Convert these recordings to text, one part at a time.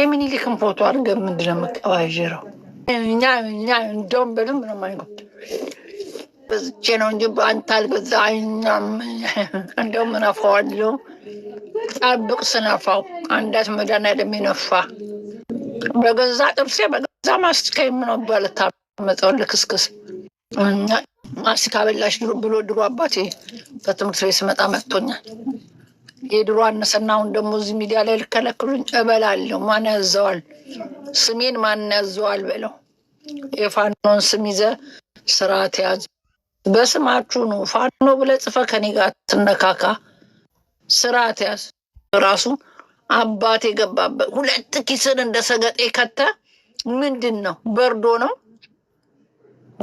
የሚኒሊክን ፎቶ አድርገን ምንድን ነው የምቀባዥረው? እኛ እንደውም በደንብ ነው ማይ በዝቼ ነው እንጂ አንተ አልገዛ አይኛም። እንደውም እነፋዋለሁ። ጠብቅ ስነፋው አንዳት መድኃኒዓለም ይነፋ በገዛ ጥርሴ በገዛ ማስቲካ የምኖባል ታመጠው ልክስክስ ማስቲካ በላሽ ብሎ ድሮ አባቴ ከትምህርት ቤት ስመጣ መጥቶኛል። የድሮ አነሰና አሁን ደግሞ እዚህ ሚዲያ ላይ ልከለክሉኝ እበላለሁ። ማን ያዘዋል? ስሜን ማን ያዘዋል? በለው የፋኖን ስም ይዘ ስርዓት ያዝ። በስማችሁ ነው ፋኖ ብለ ጽፈ ከኔ ጋር ትነካካ። ስርዓት ያዝ። ራሱ አባት የገባበት ሁለት ኪስን እንደ ሰገጤ ከተ ምንድን ነው? በርዶ ነው።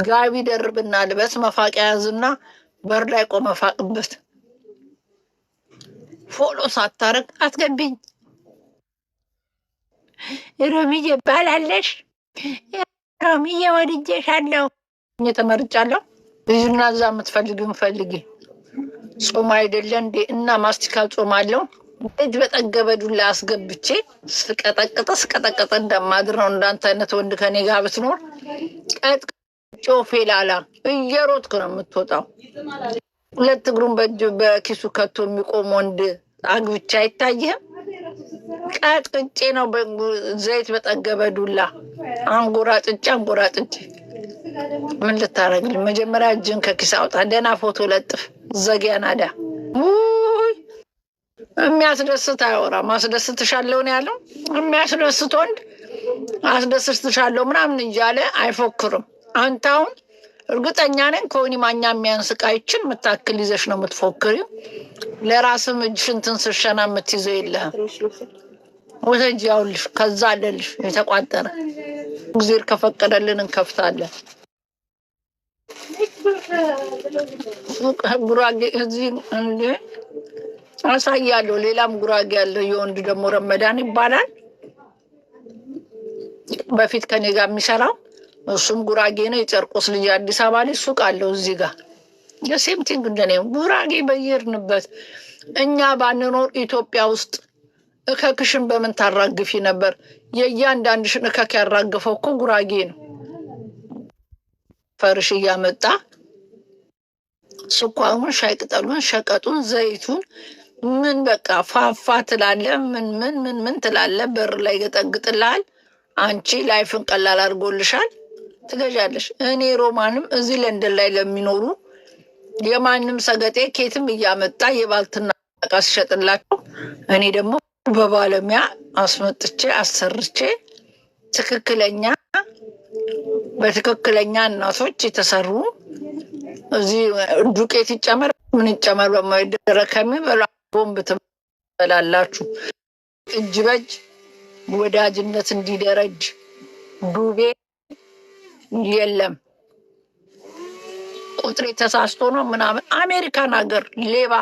ጋቢ ደርብና ልበስ፣ መፋቂያ ያዝና በር ላይ ቆመ ፋቅበት ፎሎ ሳታረግ አትገብኝ። ሮሚዬ ባላለሽ ሮሚዬ ወድጄሽ አለው ተመርጫለሁ። እዚህና እዛ የምትፈልጊውን ፈልጊ። ጾም አይደለ እንዴ? እና ማስቲካ ጾም አለው እጅ በጠገበ ዱላ አስገብቼ ስቀጠቅጠ ስቀጠቅጠ እንደማድር ነው። እንዳንተ አይነት ወንድ ከኔ ጋር ብትኖር ቀጥ ጮፌ ላላ እየሮጥክ ነው የምትወጣው። ሁለት እግሩን በእጁ በኪሱ ከቶ የሚቆም ወንድ አግብቻ አይታይህም? ቀጥቅጬ ነው ዘይት በጠገበ ዱላ አንጎራጭቼ አንጎራጭቼ። ምን ልታረግል? መጀመሪያ እጅን ከኪስ አውጣ፣ ደህና ፎቶ ለጥፍ። ዘጊያ ናዳ የሚያስደስት አያወራም። አስደስትሻለሁ ነው ያለው። የሚያስደስት ወንድ አስደስትሻለሁ ምናምን እያለ አይፎክርም። አንተ አሁን እርግጠኛ ነኝ ከሆኒ ማኛ የሚያንስቃይችን የምታክል ይዘሽ ነው የምትፎክሪው። ለራስም እጅሽንትን ስሸና የምትይዘው የለህም። ወተጅ ያውልሽ ከዛ አለልሽ የተቋጠረ እግዜር ከፈቀደልን እንከፍታለን። ጉራጌ አሳያለሁ። ሌላም ጉራጌ ያለው የወንድ ደግሞ ረመዳን ይባላል። በፊት ከኔ ጋር የሚሰራው እሱም ጉራጌ ነው። የጨርቆስ ልጅ አዲስ አበባ ላይ ሱቅ አለው እዚህ ጋር የሴምቲንግ እንደኔ ጉራጌ በየርንበት እኛ ባንኖር ኢትዮጵያ ውስጥ እከክሽን በምን ታራግፊ ነበር? የእያንዳንድሽን እከክ ያራግፈው እኮ ጉራጌ ነው። ፈርሽ እያመጣ ስኳሩን፣ ሻይ ቅጠሉን፣ ሸቀጡን፣ ዘይቱን ምን በቃ ፋፋ ትላለ። ምን ምን ምን ምን ትላለ። በር ላይ ገጠግጥልሃል። አንቺ ላይፍን ቀላል አድርጎልሻል። ትገዣለሽ። እኔ ሮማንም እዚህ ለንደን ላይ ለሚኖሩ የማንም ሰገጤ ኬትም እያመጣ የባልትና እቃ ሲሸጥላቸው እኔ ደግሞ በባለሙያ አስመጥቼ አሰርቼ ትክክለኛ በትክክለኛ እናቶች የተሰሩ እዚህ ዱቄት ይጨመር ምን ይጨመር በማይደረግ ከሚበላ ቦምብ ትበላላችሁ። እጅ በጅ ወዳጅነት እንዲደረጅ ዱቤ የለም ቁጥር የተሳስቶ ነው ምናምን። አሜሪካን ሀገር ሌባ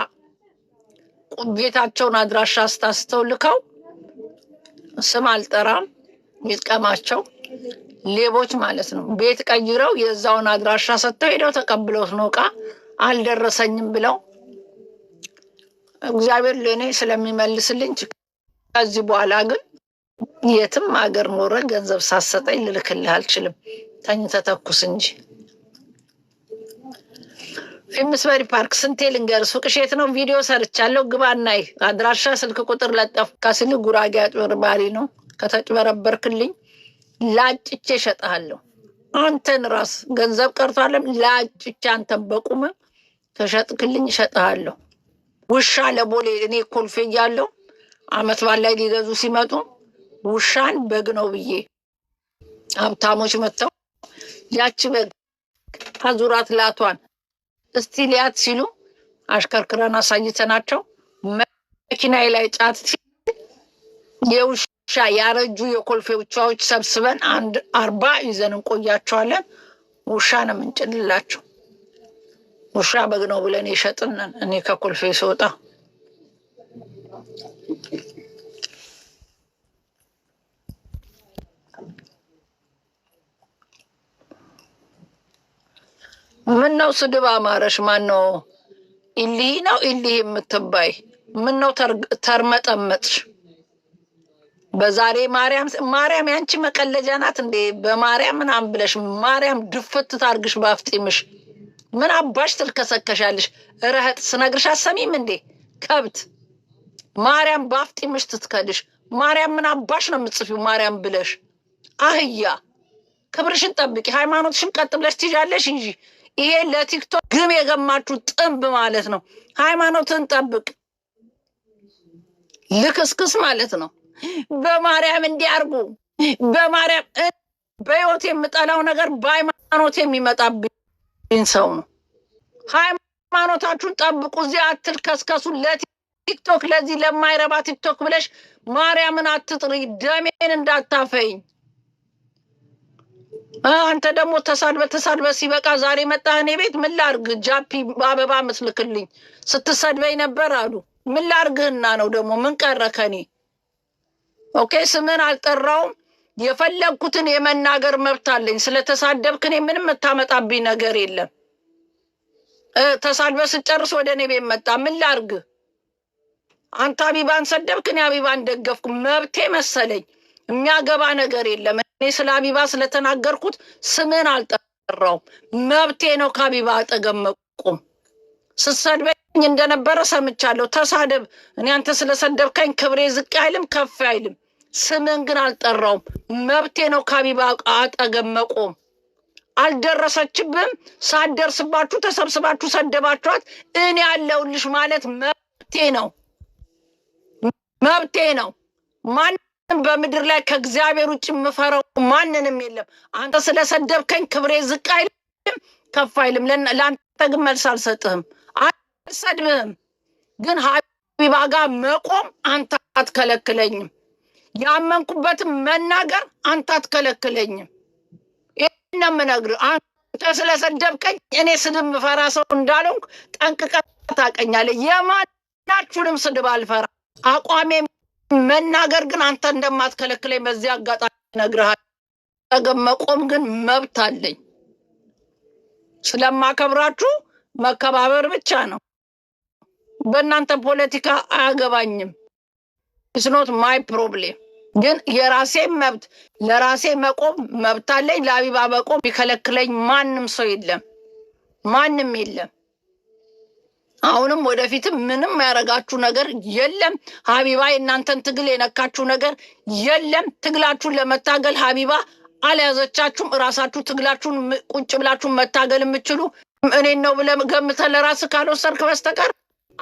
ቤታቸውን አድራሻ አስታስተው ልከው ስም አልጠራም ይጥቀማቸው ሌቦች ማለት ነው። ቤት ቀይረው የዛውን አድራሻ ሰጥተው ሄደው ተቀብለውት ነው እቃ አልደረሰኝም ብለው እግዚአብሔር ለእኔ ስለሚመልስልኝ ከዚህ በኋላ ግን የትም ሀገር ኖረ ገንዘብ ሳሰጠኝ ልልክልህ አልችልም። ተኝተ ተኩስ እንጂ ፊምስበሪ ፓርክ ስንቴ ልንገር፣ ሱቅ የት ነው? ቪዲዮ ሰርቻለሁ፣ ግባ እናይ። አድራሻ ስልክ ቁጥር ለጠፍ ከስል ጉራጌ አጭበርባሪ ነው። ከተጭበረበርክልኝ ላጭቼ እሸጥሃለሁ። አንተን ራስ ገንዘብ ቀርቷለም ላጭቼ አንተን በቁመ ተሸጥክልኝ እሸጥሃለሁ። ውሻ ለቦሌ እኔ ኮልፌ እያለሁ አመት ባላይ ላይ ሊገዙ ሲመጡ ውሻን በግ ነው ብዬ ሀብታሞች መጥተው ያቺ በግ ከዙራት ላቷን እስቲ ሊያት ሲሉ አሽከርክረን አሳይተናቸው መኪናዬ ላይ ጫት የውሻ ያረጁ የኮልፌ ውቻዎች ሰብስበን አንድ አርባ ይዘን እንቆያቸዋለን። ውሻ ነው የምንጭንላቸው። ውሻ በግ ነው ብለን የሸጥነን እኔ ከኮልፌ ስወጣ ምን ነው ስድብ አማረሽ? ማን ነው ኢሊህ ነው ኢሊህ የምትባይ? ምን ነው ተርመጠመጥሽ? በዛሬ ማርያም ማርያም ያንቺ መቀለጃ ናት እንዴ? በማርያም ምናምን ብለሽ ማርያም ድፍት ታርግሽ ባፍጢምሽ። ምን አባሽ ትልከሰከሻለሽ? ረህጥ ስነግርሽ አሰሚም እንዴ? ከብት ማርያም ባፍጢምሽ ትትከልሽ። ማርያም ምን አባሽ ነው የምትጽፊው? ማርያም ብለሽ አህያ ክብርሽን ጠብቂ። ሃይማኖትሽን ቀጥ ብለሽ ትይዣለሽ እንጂ ይሄ ለቲክቶክ ግብ የገማችሁ ጥንብ ማለት ነው። ሃይማኖትን ጠብቅ ልክስክስ ማለት ነው። በማርያም እንዲያርጉ በማርያም በህይወት የምጠላው ነገር በሃይማኖት የሚመጣብኝ ሰው ነው። ሃይማኖታችሁን ጠብቁ። እዚህ አትልከስከሱ። ለቲክቶክ ለዚህ ለማይረባ ቲክቶክ ብለሽ ማርያምን አትጥሪ። ደሜን እንዳታፈይኝ አንተ ደግሞ ተሳድበ ተሳድበ ሲበቃ ዛሬ መጣ እኔ ቤት ምን ላርግ? ጃፒ አበባ ምስልክልኝ ስትሰድበኝ ነበር አሉ። ምን ላርግህና ነው ደግሞ ምን ቀረ ከኔ? ኦኬ ስምን አልጠራውም። የፈለግኩትን የመናገር መብት አለኝ። ስለተሳደብክ እኔ ምንም የምታመጣብኝ ነገር የለም። ተሳድበ ስጨርስ ወደ እኔ ቤት መጣ። ምን ላርግ? አንተ አቢባን ሰደብክ፣ እኔ አቢባን ደገፍኩ። መብቴ መሰለኝ። የሚያገባ ነገር የለም። እኔ ስለ አቢባ ስለተናገርኩት ስምን አልጠራውም። መብቴ ነው ከአቢባ አጠገብ መቆም። ስትሰድበኝ እንደነበረ ሰምቻለሁ። ተሳደብ፣ እኔ አንተ ስለሰደብከኝ ክብሬ ዝቅ አይልም ከፍ አይልም። ስምን ግን አልጠራውም። መብቴ ነው ከአቢባ አጠገብ መቆም። አልደረሰችብም። ሳደርስባችሁ ተሰብስባችሁ ሰደባችኋት። እኔ ያለውልሽ ማለት መብቴ ነው መብቴ ነው ማን በምድር ላይ ከእግዚአብሔር ውጭ የምፈራው ማንንም የለም። አንተ ስለሰደብከኝ ክብሬ ዝቅ አይልም ከፍ አይልም። ለአንተ ግን መልስ አልሰጥህም፣ አልሰድብህም። ግን ሀቢባ ጋር መቆም አንተ አትከለክለኝም። ያመንኩበትም መናገር አንተ አትከለክለኝም። ይህን የምነግርህ አንተ ስለሰደብከኝ እኔ ስድብ ምፈራ ሰው እንዳልሆንኩ ጠንቅቀህ ታውቀኛለህ። የማናችሁንም ስድብ አልፈራ አቋሜ መናገር ግን አንተ እንደማትከለክለኝ በዚህ አጋጣሚ ነግረሃል። ጠገብ መቆም ግን መብት አለኝ። ስለማከብራችሁ መከባበር ብቻ ነው። በእናንተ ፖለቲካ አያገባኝም። ስኖት ማይ ፕሮብሌም። ግን የራሴ መብት ለራሴ መቆም መብት አለኝ። ለአቢባ መቆም ቢከለክለኝ ማንም ሰው የለም፣ ማንም የለም። አሁንም ወደፊትም ምንም ያረጋችሁ ነገር የለም። ሀቢባ የእናንተን ትግል የነካችሁ ነገር የለም። ትግላችሁን ለመታገል ሀቢባ አልያዘቻችሁም። እራሳችሁ ትግላችሁን ቁጭ ብላችሁን መታገል የምችሉ እኔን ነው ብለህ ገምተህ ለራስህ ካልወሰድክ በስተቀር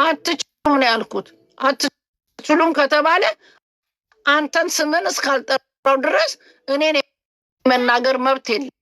አትችሉም ነው ያልኩት። አትችሉም ከተባለ አንተን ስምን እስካልጠራው ድረስ እኔን መናገር መብት የለም።